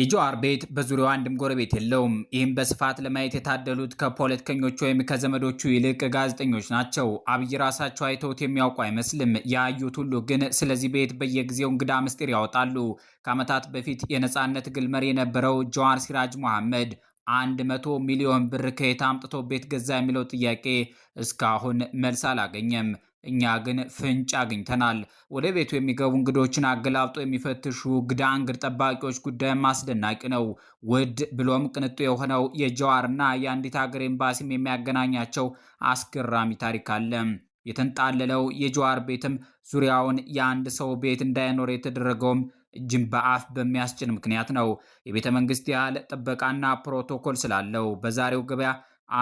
የጀዋር ቤት በዙሪያው አንድም ጎረቤት የለውም። ይህም በስፋት ለማየት የታደሉት ከፖለቲከኞቹ ወይም ከዘመዶቹ ይልቅ ጋዜጠኞች ናቸው። አብይ ራሳቸው አይተውት የሚያውቁ አይመስልም። ያዩት ሁሉ ግን ስለዚህ ቤት በየጊዜው እንግዳ ምስጢር ያወጣሉ። ከዓመታት በፊት የነፃነት ግልመር መሪ የነበረው ጀዋር ሲራጅ መሐመድ አንድ መቶ ሚሊዮን ብር ከየት አምጥቶ ቤት ገዛ የሚለው ጥያቄ እስካሁን መልስ አላገኘም። እኛ ግን ፍንጭ አግኝተናል። ወደ ቤቱ የሚገቡ እንግዶችን አገላብጦ የሚፈትሹ ግዳ ጠባቂዎች ጉዳይም አስደናቂ ነው። ውድ ብሎም ቅንጡ የሆነው የጀዋርና የአንዲት ሀገር ኤምባሲም የሚያገናኛቸው አስገራሚ ታሪክ አለ። የተንጣለለው የጀዋር ቤትም ዙሪያውን የአንድ ሰው ቤት እንዳይኖር የተደረገውም እጅን በአፍ በሚያስጭን ምክንያት ነው። የቤተ መንግስት ያህል ጥበቃና ፕሮቶኮል ስላለው በዛሬው ገበያ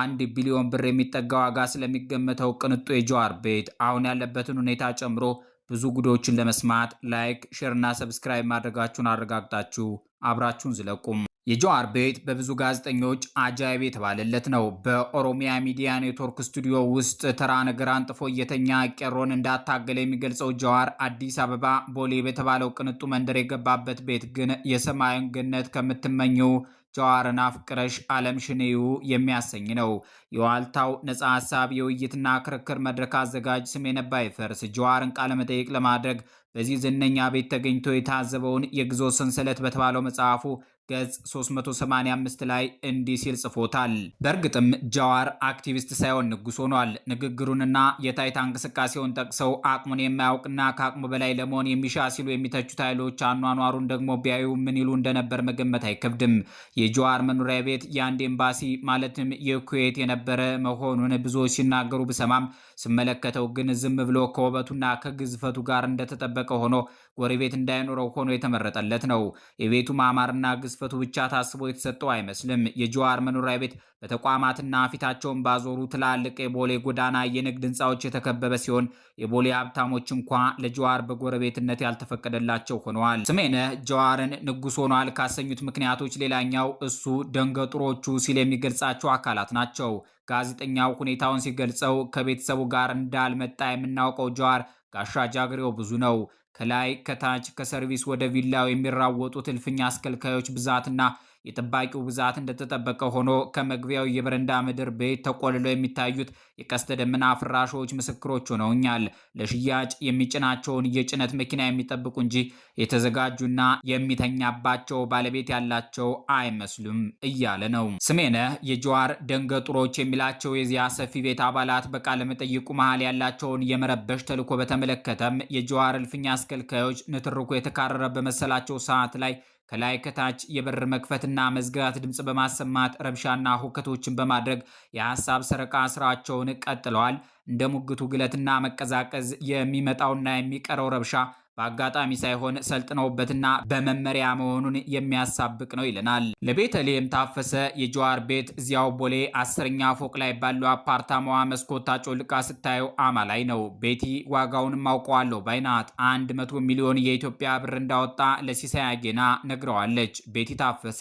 አንድ ቢሊዮን ብር የሚጠጋ ዋጋ ስለሚገመተው ቅንጡ የጀዋር ቤት አሁን ያለበትን ሁኔታ ጨምሮ ብዙ ጉዳዮችን ለመስማት ላይክ፣ ሼርና ሰብስክራይብ ማድረጋችሁን አረጋግጣችሁ አብራችሁን ዝለቁም። የጀዋር ቤት በብዙ ጋዜጠኞች አጃይብ የተባለለት ነው። በኦሮሚያ ሚዲያ ኔትወርክ ስቱዲዮ ውስጥ ተራ ነገር አንጥፎ እየተኛ ቄሮን እንዳታገለ የሚገልጸው ጀዋር አዲስ አበባ ቦሌ በተባለው ቅንጡ መንደር የገባበት ቤት ግን የሰማዩን ገነት ከምትመኘው ጀዋርን አፍቅረሽ አለም ሽንዩ የሚያሰኝ ነው። የዋልታው ነጻ ሀሳብ የውይይትና ክርክር መድረክ አዘጋጅ ስሜነህ ባይፈርስ ጀዋርን ቃለመጠይቅ ለማድረግ በዚህ ዝነኛ ቤት ተገኝቶ የታዘበውን የግዞ ሰንሰለት በተባለው መጽሐፉ ገጽ 385 ላይ እንዲህ ሲል ጽፎታል። በእርግጥም ጃዋር አክቲቪስት ሳይሆን ንጉስ ሆኗል። ንግግሩንና የታይታ እንቅስቃሴውን ጠቅሰው አቅሙን የማያውቅና ከአቅሙ በላይ ለመሆን የሚሻ ሲሉ የሚተቹት ኃይሎች አኗኗሩን ደግሞ ቢያዩ ምን ይሉ እንደነበር መገመት አይከብድም። የጃዋር መኖሪያ ቤት የአንድ ኤምባሲ ማለትም የኩዌት የነበረ መሆኑን ብዙዎች ሲናገሩ ብሰማም ስመለከተው ግን ዝም ብሎ ከውበቱና ከግዝፈቱ ጋር እንደተጠበቀ ሆኖ ጎረቤት እንዳይኖረው ሆኖ የተመረጠለት ነው። የቤቱ ማማርና ግዝፈቱ ብቻ ታስቦ የተሰጠው አይመስልም። የጀዋር መኖሪያ ቤት በተቋማትና ፊታቸውን ባዞሩ ትላልቅ የቦሌ ጎዳና የንግድ ህንፃዎች የተከበበ ሲሆን የቦሌ ሀብታሞች እንኳ ለጀዋር በጎረቤትነት ያልተፈቀደላቸው ሆነዋል። ስሜነህ ጀዋርን ንጉስ ሆኗል ካሰኙት ምክንያቶች ሌላኛው እሱ ደንገጡሮቹ ሲል የሚገልጻቸው አካላት ናቸው። ጋዜጠኛው ሁኔታውን ሲገልጸው ከቤተሰቡ ጋር እንዳልመጣ የምናውቀው ጀዋር ጋሻ ጃግሬው ብዙ ነው። ከላይ ከታች ከሰርቪስ ወደ ቪላው የሚራወጡት እልፍኝ አስከልካዮች ብዛትና የጠባቂው ብዛት እንደተጠበቀ ሆኖ ከመግቢያው የበረንዳ ምድር ቤት ተቆልለው የሚታዩት የቀስተ ደመና ፍራሾች ምስክሮች ሆነውኛል። ለሽያጭ የሚጭናቸውን የጭነት መኪና የሚጠብቁ እንጂ የተዘጋጁና የሚተኛባቸው ባለቤት ያላቸው አይመስሉም እያለ ነው። ስሜነህ የጀዋር ደንገጡሮች የሚላቸው የዚያ ሰፊ ቤት አባላት በቃለመጠይቁ መሃል ያላቸውን የመረበሽ ተልዕኮ በተመለከተም የጀዋር እልፍኛ አስከልካዮች ንትርኩ የተካረረ በመሰላቸው ሰዓት ላይ ከላይ ከታች የበር መክፈትና መዝጋት ድምፅ በማሰማት ረብሻና ሁከቶችን በማድረግ የሀሳብ ሰረቃ ስራቸውን ቀጥለዋል። እንደ ሙግቱ ግለትና መቀዛቀዝ የሚመጣውና የሚቀረው ረብሻ በአጋጣሚ ሳይሆን ሰልጥነውበትና በመመሪያ መሆኑን የሚያሳብቅ ነው ይለናል። ለቤተልሔም ታፈሰ የጀዋር ቤት እዚያው ቦሌ አስረኛ ፎቅ ላይ ባለው አፓርታማዋ መስኮታ ጮልቃ ስታየው አማ ላይ ነው። ቤቲ ዋጋውንም አውቀዋለሁ ባይናት አንድ መቶ ሚሊዮን የኢትዮጵያ ብር እንዳወጣ ለሲሳይ አጌና ነግረዋለች። ቤቲ ታፈሰ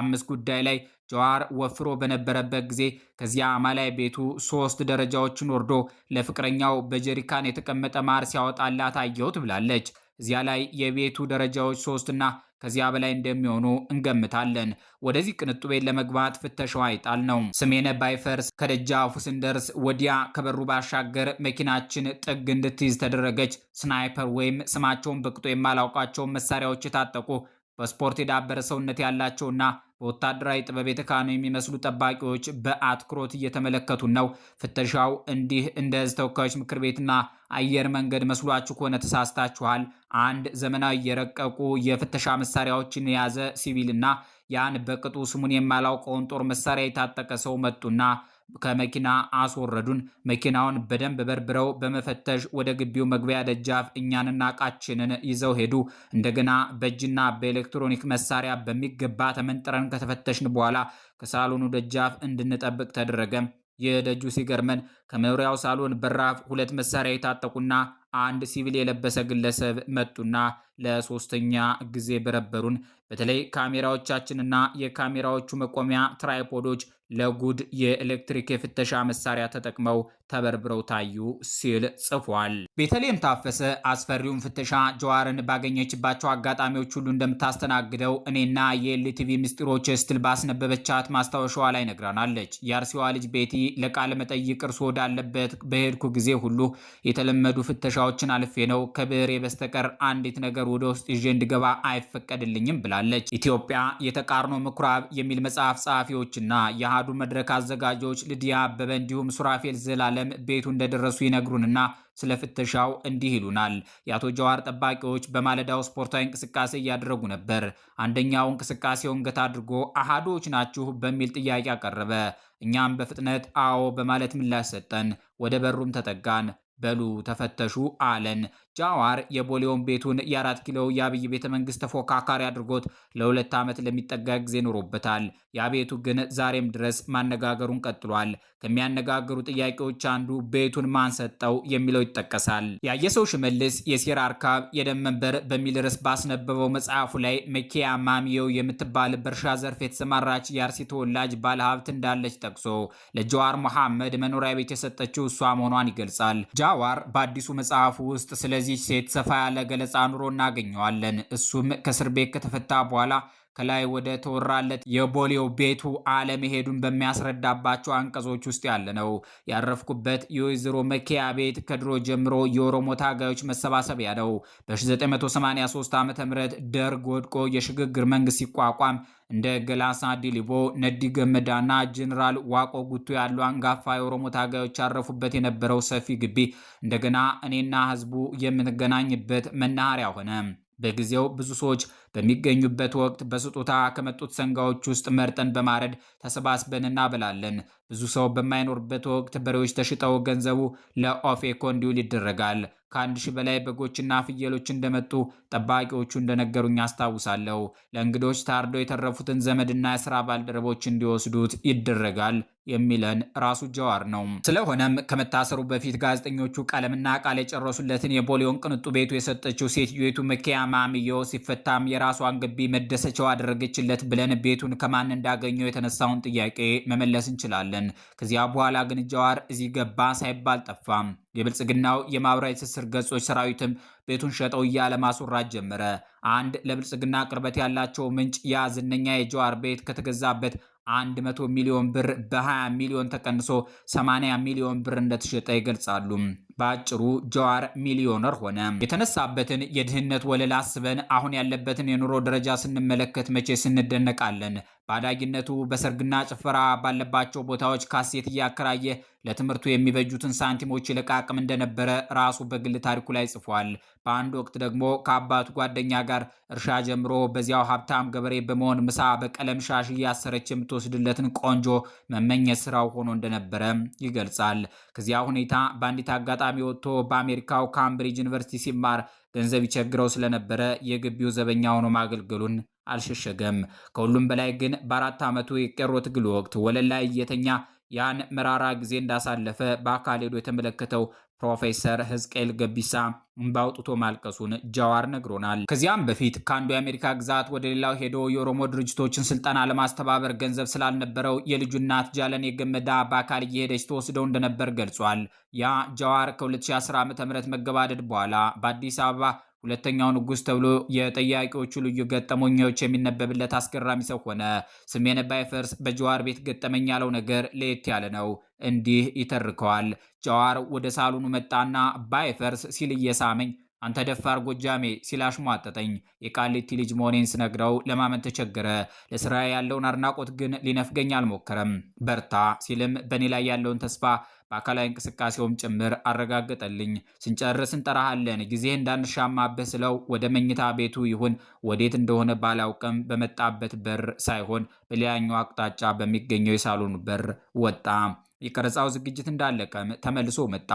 አምስት ጉዳይ ላይ ጀዋር ወፍሮ በነበረበት ጊዜ ከዚያ አማላይ ቤቱ ሶስት ደረጃዎችን ወርዶ ለፍቅረኛው በጀሪካን የተቀመጠ ማር ሲያወጣላት አየሁት ብላለች። እዚያ ላይ የቤቱ ደረጃዎች ሶስትና ከዚያ በላይ እንደሚሆኑ እንገምታለን። ወደዚህ ቅንጡ ቤት ለመግባት ፍተሻዋ ይጣል ነው። ስሜነ ባይፈርስ ከደጃፉ ስንደርስ ወዲያ ከበሩ ባሻገር መኪናችን ጥግ እንድትይዝ ተደረገች። ስናይፐር ወይም ስማቸውን በቅጦ የማላውቃቸውን መሳሪያዎች የታጠቁ በስፖርት የዳበረ ሰውነት ያላቸውና በወታደራዊ ጥበብ የተካኑ የሚመስሉ ጠባቂዎች በአትኩሮት እየተመለከቱን ነው። ፍተሻው እንዲህ እንደ ህዝብ ተወካዮች ምክር ቤትና አየር መንገድ መስሏችሁ ከሆነ ተሳስታችኋል። አንድ ዘመናዊ የረቀቁ የፍተሻ መሳሪያዎችን የያዘ ሲቪልና ያን በቅጡ ስሙን የማላውቀውን ጦር መሳሪያ የታጠቀ ሰው መጡና ከመኪና አስወረዱን። መኪናውን በደንብ በርብረው በመፈተሽ ወደ ግቢው መግቢያ ደጃፍ እኛንና እቃችንን ይዘው ሄዱ። እንደገና በእጅና በኤሌክትሮኒክ መሳሪያ በሚገባ ተመንጥረን ከተፈተሽን በኋላ ከሳሎኑ ደጃፍ እንድንጠብቅ ተደረገ። የደጁ ሲገርመን ከመኖሪያው ሳሎን በራፍ ሁለት መሳሪያ የታጠቁና አንድ ሲቪል የለበሰ ግለሰብ መጡና ለሶስተኛ ጊዜ በረበሩን። በተለይ ካሜራዎቻችንና የካሜራዎቹ መቆሚያ ትራይፖዶች ለጉድ የኤሌክትሪክ የፍተሻ መሳሪያ ተጠቅመው ተበርብረው ታዩ ሲል ጽፏል። ቤተልሔም ታፈሰ አስፈሪውን ፍተሻ ጀዋርን ባገኘችባቸው አጋጣሚዎች ሁሉ እንደምታስተናግደው እኔና የኤልቲቪ ምስጢሮች ስትል ባስነበበቻት ማስታወሻዋ ላይ ነግራናለች። የአርሲዋ ልጅ ቤቲ ለቃለ መጠይቅ እርሶ ወዳለበት በሄድኩ ጊዜ ሁሉ የተለመዱ ፍተሻዎችን አልፌ ነው ከብዕሬ በስተቀር አንዲት ነገር ወደ ውስጥ ይዤ እንድገባ አይፈቀድልኝም ብላለች። ኢትዮጵያ የተቃርኖ ምኩራብ የሚል መጽሐፍ ጸሐፊዎችና የአሃዱ መድረክ አዘጋጆች ልድያ አበበ እንዲሁም ሱራፌል ዘላለ ዓለም ቤቱ እንደደረሱ ይነግሩንና ስለ ፍተሻው እንዲህ ይሉናል። የአቶ ጀዋር ጠባቂዎች በማለዳው ስፖርታዊ እንቅስቃሴ እያደረጉ ነበር። አንደኛው እንቅስቃሴውን ገታ አድርጎ አሃዶች ናችሁ በሚል ጥያቄ አቀረበ። እኛም በፍጥነት አዎ በማለት ምላሽ ሰጠን። ወደ በሩም ተጠጋን። በሉ ተፈተሹ አለን። ጃዋር የቦሌውን ቤቱን የአራት ኪሎ የአብይ ቤተ መንግስት ተፎካካሪ አድርጎት ለሁለት ዓመት ለሚጠጋ ጊዜ ኖሮበታል። የቤቱ ግን ዛሬም ድረስ ማነጋገሩን ቀጥሏል። ከሚያነጋገሩ ጥያቄዎች አንዱ ቤቱን ማን ሰጠው የሚለው ይጠቀሳል። ያየሰው ሽመልስ የሴራ አርካብ የደም መንበር በሚል ርዕስ ባስነበበው መጽሐፉ ላይ መኪያ ማሚየው የምትባል በእርሻ ዘርፍ የተሰማራች የአርሲ ተወላጅ ባለሀብት እንዳለች ጠቅሶ ለጃዋር መሐመድ መኖሪያ ቤት የሰጠችው እሷ መሆኗን ይገልጻል። ጃዋር በአዲሱ መጽሐፉ ውስጥ ስለዚህ ስለዚህ ሴት ሰፋ ያለ ገለጻ ኑሮ እናገኘዋለን። እሱም ከእስር ቤት ከተፈታ በኋላ ከላይ ወደ ተወራለት የቦሌው ቤቱ አለመሄዱን በሚያስረዳባቸው አንቀጾች ውስጥ ያለ ነው። ያረፍኩበት የወይዘሮ መኪያ ቤት ከድሮ ጀምሮ የኦሮሞ ታጋዮች መሰባሰቢያ ነው። በ1983 ዓ ም ደርግ ወድቆ የሽግግር መንግስት ሲቋቋም እንደ ገላሳ ዲሊቦ፣ ነዲ ገመዳና ጀኔራል ዋቆ ጉቱ ያሉ አንጋፋ የኦሮሞ ታጋዮች ያረፉበት የነበረው ሰፊ ግቢ እንደገና እኔና ህዝቡ የምንገናኝበት መናኸሪያ ሆነ። በጊዜው ብዙ ሰዎች በሚገኙበት ወቅት በስጦታ ከመጡት ሰንጋዎች ውስጥ መርጠን በማረድ ተሰባስበን እናበላለን። ብዙ ሰው በማይኖርበት ወቅት በሬዎች ተሽጠው ገንዘቡ ለኦፌኮ እንዲውል ይደረጋል። ከአንድ ሺህ በላይ በጎችና ፍየሎች እንደመጡ ጠባቂዎቹ እንደነገሩኝ አስታውሳለሁ። ለእንግዶች ታርዶ የተረፉትን ዘመድና የስራ ባልደረቦች እንዲወስዱት ይደረጋል የሚለን ራሱ ጀዋር ነው። ስለሆነም ከመታሰሩ በፊት ጋዜጠኞቹ ቀለምና ቃል የጨረሱለትን የቦሌውን ቅንጡ ቤቱ የሰጠችው ሴትዮቱ መኪያ ማሚዮ ሲፈታም የራሷን ግቢ መደሰቻው አደረገችለት ብለን ቤቱን ከማን እንዳገኘው የተነሳውን ጥያቄ መመለስ እንችላለን። ከዚያ በኋላ ግን ጀዋር እዚህ ገባ ሳይባል ጠፋም። የብልጽግናው የማህበራዊ ትስስር ገጾች ሰራዊትም ቤቱን ሸጠው እያለ ማስወራት ጀመረ። አንድ ለብልጽግና ቅርበት ያላቸው ምንጭ ያ ዝነኛ የጀዋር ቤት ከተገዛበት 100 ሚሊዮን ብር በ20 ሚሊዮን ተቀንሶ 80 ሚሊዮን ብር እንደተሸጠ ይገልጻሉ። በአጭሩ ጀዋር ሚሊዮነር ሆነ። የተነሳበትን የድህነት ወለል አስበን አሁን ያለበትን የኑሮ ደረጃ ስንመለከት መቼ ስንደነቃለን። በአዳጊነቱ በሰርግና ጭፈራ ባለባቸው ቦታዎች ካሴት እያከራየ ለትምህርቱ የሚበጁትን ሳንቲሞች ይለቃቅም እንደነበረ ራሱ በግል ታሪኩ ላይ ጽፏል። በአንድ ወቅት ደግሞ ከአባቱ ጓደኛ ጋር እርሻ ጀምሮ በዚያው ሀብታም ገበሬ በመሆን ምሳ በቀለም ሻሽ እያሰረች የምትወስድለትን ቆንጆ መመኘት ስራው ሆኖ እንደነበረ ይገልጻል። ከዚያ ሁኔታ በአንዲት አጋጣሚ ወጥቶ በአሜሪካው ካምብሪጅ ዩኒቨርሲቲ ሲማር ገንዘብ ይቸግረው ስለነበረ የግቢው ዘበኛ ሆኖ ማገልገሉን አልሸሸገም። ከሁሉም በላይ ግን በአራት ዓመቱ የቄሮ ትግል ወቅት ወለል ላይ እየተኛ ያን መራራ ጊዜ እንዳሳለፈ በአካል ሄዶ የተመለከተው ፕሮፌሰር ህዝቅኤል ገቢሳ እንባውጥቶ ማልቀሱን ጃዋር ነግሮናል። ከዚያም በፊት ከአንዱ የአሜሪካ ግዛት ወደ ሌላው ሄዶ የኦሮሞ ድርጅቶችን ስልጠና ለማስተባበር ገንዘብ ስላልነበረው የልጁ እናት ጃለኔ ገመዳ በአካል እየሄደች ተወስደው እንደነበር ገልጿል። ያ ጃዋር ከ2010 ዓ ም መገባደድ በኋላ በአዲስ አበባ ሁለተኛው ንጉስ ተብሎ የጠያቂዎቹ ልዩ ገጠመኞች የሚነበብለት አስገራሚ ሰው ሆነ። ስሜን ባይፈርስ በጀዋር ቤት ገጠመኝ ያለው ነገር ለየት ያለ ነው። እንዲህ ይተርከዋል። ጀዋር ወደ ሳሎኑ መጣና ባይፈርስ ሲል እየሳመኝ አንተ ደፋር ጎጃሜ ሲላሽ ሟጠጠኝ። የቃሊቲ ልጅ መሆኔን ስነግረው ለማመን ተቸገረ። ለስራ ያለውን አድናቆት ግን ሊነፍገኝ አልሞከረም። በርታ ሲልም በእኔ ላይ ያለውን ተስፋ በአካላዊ እንቅስቃሴውም ጭምር አረጋገጠልኝ። ስንጨርስ እንጠራሃለን ጊዜ እንዳንሻማብህ ስለው ወደ መኝታ ቤቱ ይሁን ወዴት እንደሆነ ባላውቅም በመጣበት በር ሳይሆን በሌላኛው አቅጣጫ በሚገኘው የሳሎኑ በር ወጣ። የቀረጻው ዝግጅት እንዳለቀ ተመልሶ መጣ።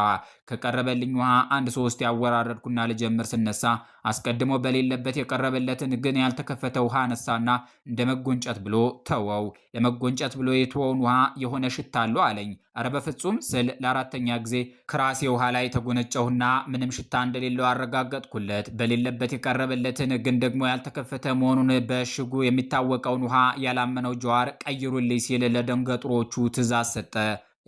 ከቀረበልኝ ውሃ አንድ ሶስት ያወራረድኩና ልጀምር ስነሳ አስቀድሞ በሌለበት የቀረበለትን ግን ያልተከፈተ ውሃ ነሳና እንደ መጎንጨት ብሎ ተወው። ለመጎንጨት ብሎ የተወውን ውሃ የሆነ ሽታ አለው አለኝ። ኧረ በፍጹም ስል ለአራተኛ ጊዜ ከራሴ ውሃ ላይ ተጎነጨሁና ምንም ሽታ እንደሌለው አረጋገጥኩለት። በሌለበት የቀረበለትን ግን ደግሞ ያልተከፈተ መሆኑን በእሽጉ የሚታወቀውን ውሃ ያላመነው ጀዋር ቀይሩልኝ ሲል ለደንገጥሮቹ ትእዛዝ ሰጠ።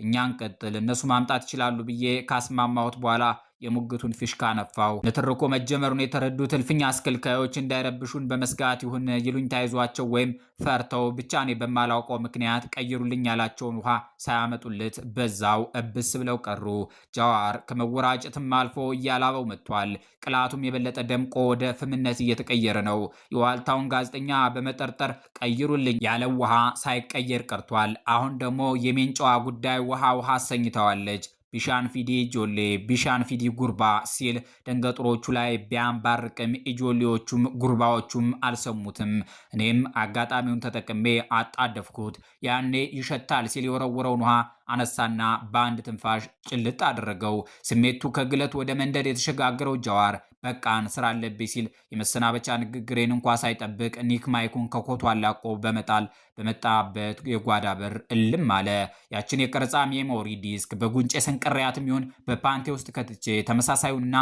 እኛ እንቀጥል እነሱ ማምጣት ይችላሉ ብዬ ካስማማሁት በኋላ የሙግቱን ፊሽካ ነፋው። ንትርኩ መጀመሩን የተረዱት እልፍኝ አስከልካዮች እንዳይረብሹን በመስጋት ይሁን ይሉኝ ታይዟቸው ወይም ፈርተው ብቻ እኔ በማላውቀው ምክንያት ቀይሩልኝ ያላቸውን ውሃ ሳያመጡለት በዛው እብስ ብለው ቀሩ። ጃዋር ከመወራጨትም አልፎ እያላበው መጥቷል። ቅላቱም የበለጠ ደምቆ ወደ ፍምነት እየተቀየረ ነው። የዋልታውን ጋዜጠኛ በመጠርጠር ቀይሩልኝ ያለው ውሃ ሳይቀየር ቀርቷል። አሁን ደግሞ የሜንጫዋ ጉዳይ ውሃ ውሃ አሰኝተዋለች። ቢሻን ፊዲ ጆሌ ቢሻን ፊዲ ጉርባ ሲል ደንገጥሮቹ ላይ ቢያንባርቅም ኢጆሌዎቹም ጉርባዎቹም አልሰሙትም። እኔም አጋጣሚውን ተጠቅሜ አጣደፍኩት። ያኔ ይሸታል ሲል የወረወረውን ውሃ አነሳና በአንድ ትንፋሽ ጭልጥ አደረገው። ስሜቱ ከግለት ወደ መንደድ የተሸጋገረው ጃዋር በቃን ስራ አለብኝ ሲል የመሰናበቻ ንግግሬን እንኳ ሳይጠብቅ ኒክ ማይኩን ከኮቱ አላቆ በመጣል በመጣበት የጓዳ በር እልም አለ። ያችን የቀረጻ ሜሞሪ ዲስክ በጉንጭ ሰንቅሬያትም ይሁን በፓንቴ ውስጥ ከትቼ ተመሳሳዩና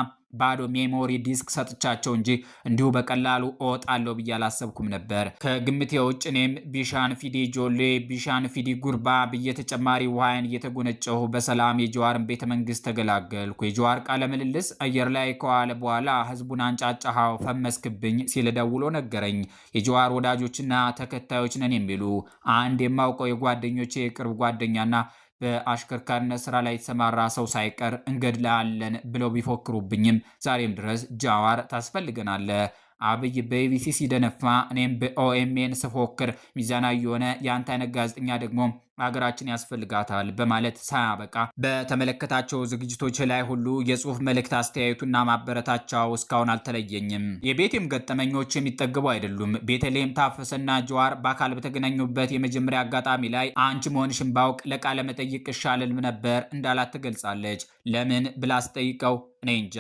ባዶ ሜሞሪ ዲስክ ሰጥቻቸው እንጂ እንዲሁ በቀላሉ እወጣለሁ ብዬ አላሰብኩም ነበር። ከግምቴ ውጭ እኔም ቢሻን ፊዲ ጆሌ፣ ቢሻን ፊዲ ጉርባ ብዬ ተጨማሪ ውሃ በአይን እየተጎነጨሁ በሰላም የጀዋርን ቤተ መንግስት ተገላገልኩ። የጀዋር ቃለ ምልልስ አየር ላይ ከዋለ በኋላ ህዝቡን አንጫጫሃው ፈመስክብኝ ሲል ደውሎ ነገረኝ። የጀዋር ወዳጆችና ተከታዮች ነን የሚሉ አንድ የማውቀው የጓደኞቼ የቅርብ ጓደኛና በአሽከርካሪነት ስራ ላይ የተሰማራ ሰው ሳይቀር እንገድልሃለን ብለው ቢፎክሩብኝም ዛሬም ድረስ ጃዋር ታስፈልገናለህ አብይ በኢቢሲ ሲደነፋ እኔም በኦኤምኤን ስፎክር ሚዛናዊ የሆነ የአንተ አይነት ጋዜጠኛ ደግሞ አገራችን ያስፈልጋታል በማለት ሳያበቃ በተመለከታቸው ዝግጅቶች ላይ ሁሉ የጽሁፍ መልእክት አስተያየቱና ማበረታቻው እስካሁን አልተለየኝም። የቤቴም ገጠመኞች የሚጠግቡ አይደሉም። ቤተልሔም ታፈሰና ጀዋር በአካል በተገናኙበት የመጀመሪያ አጋጣሚ ላይ አንቺ መሆንሽን ባውቅ ለቃለመጠይቅ መጠይቅ እሻልልም ነበር እንዳላት ትገልጻለች። ለምን ብላስጠይቀው እኔ እንጃ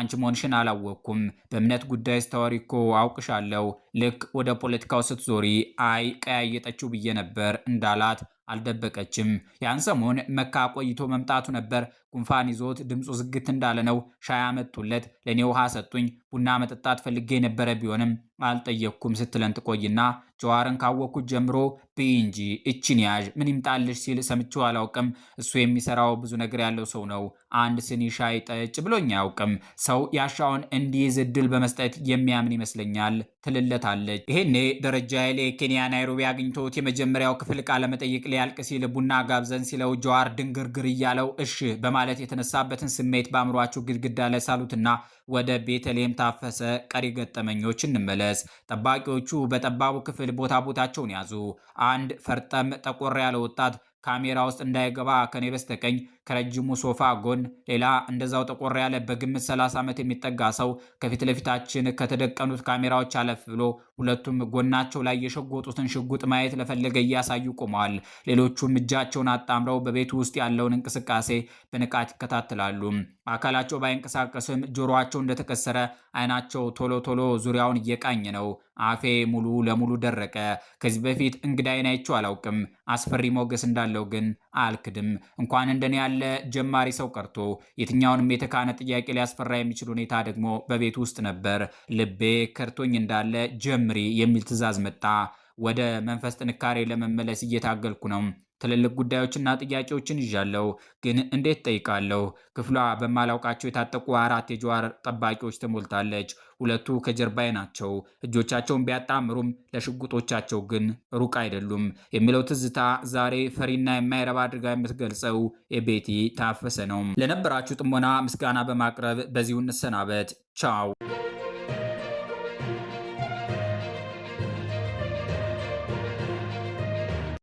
አንቺ መሆንሽን አላወቅኩም። በእምነት ጉዳይ ስታወሪ እኮ አውቅሻለሁ። ልክ ወደ ፖለቲካው ስትዞሪ አይ ቀያየጠችው ብዬ ነበር እንዳላት አልደበቀችም። ያን ሰሞን መካ ቆይቶ መምጣቱ ነበር ጉንፋን ይዞት ድምፁ ዝግት እንዳለ ነው። ሻይ አመጡለት። ለእኔ ውሃ ሰጡኝ። ቡና መጠጣት ፈልጌ የነበረ ቢሆንም አልጠየቅኩም ስትለን ትቆይና ጀዋርን ካወቅኩት ጀምሮ ብይ እንጂ እችን ያዥ ምን ይምጣልሽ ሲል ሰምቼው አላውቅም። እሱ የሚሰራው ብዙ ነገር ያለው ሰው ነው። አንድ ስኒ ሻይ ጠጭ ብሎኝ አያውቅም። ሰው ያሻውን እንዲይዝ እድል በመስጠት የሚያምን ይመስለኛል ትልለታለች። ይሄኔ ደረጃ ኃይሌ ኬንያ ናይሮቢ አግኝቶት የመጀመሪያው ክፍል ቃለመጠይቅ ሊያልቅ ሲል ቡና ጋብዘን ሲለው ጀዋር ድንግርግር እያለው እሺ በማለት ማለት የተነሳበትን ስሜት በአእምሯችሁ ግድግዳ ላይ ሳሉትና ወደ ቤተልሔም ታፈሰ ቀሪ ገጠመኞች እንመለስ። ጠባቂዎቹ በጠባቡ ክፍል ቦታ ቦታቸውን ያዙ። አንድ ፈርጠም ጠቆር ያለ ወጣት ካሜራ ውስጥ እንዳይገባ ከኔ በስተቀኝ ከረጅሙ ሶፋ ጎን ሌላ እንደዛው ጠቆር ያለ በግምት 30 ዓመት የሚጠጋ ሰው ከፊት ለፊታችን ከተደቀኑት ካሜራዎች አለፍ ብሎ ሁለቱም ጎናቸው ላይ የሸጎጡትን ሽጉጥ ማየት ለፈለገ እያሳዩ ቆመዋል። ሌሎቹም እጃቸውን አጣምረው በቤቱ ውስጥ ያለውን እንቅስቃሴ በንቃት ይከታተላሉ። አካላቸው ባይንቀሳቀስም ጆሮአቸው እንደተከሰረ አይናቸው ቶሎ ቶሎ ዙሪያውን እየቃኝ ነው። አፌ ሙሉ ለሙሉ ደረቀ። ከዚህ በፊት እንግዳይን አይቼው አላውቅም። አስፈሪ ሞገስ እንዳለ እችላለሁ ግን አልክድም። እንኳን እንደኔ ያለ ጀማሪ ሰው ቀርቶ የትኛውንም የተካነ ጥያቄ ሊያስፈራ የሚችል ሁኔታ ደግሞ በቤት ውስጥ ነበር። ልቤ ከርቶኝ እንዳለ ጀምሪ የሚል ትዕዛዝ መጣ። ወደ መንፈስ ጥንካሬ ለመመለስ እየታገልኩ ነው። ትልልቅ ጉዳዮችና ጥያቄዎችን ይዣለሁ፣ ግን እንዴት ጠይቃለሁ? ክፍሏ በማላውቃቸው የታጠቁ አራት የጀዋር ጠባቂዎች ተሞልታለች። ሁለቱ ከጀርባዬ ናቸው። እጆቻቸውን ቢያጣምሩም ለሽጉጦቻቸው ግን ሩቅ አይደሉም የሚለው ትዝታ ዛሬ ፈሪና የማይረባ አድርጋ የምትገልጸው የቤቲ ታፈሰ ነው። ለነበራችሁ ጥሞና ምስጋና በማቅረብ በዚሁ እንሰናበት። ቻው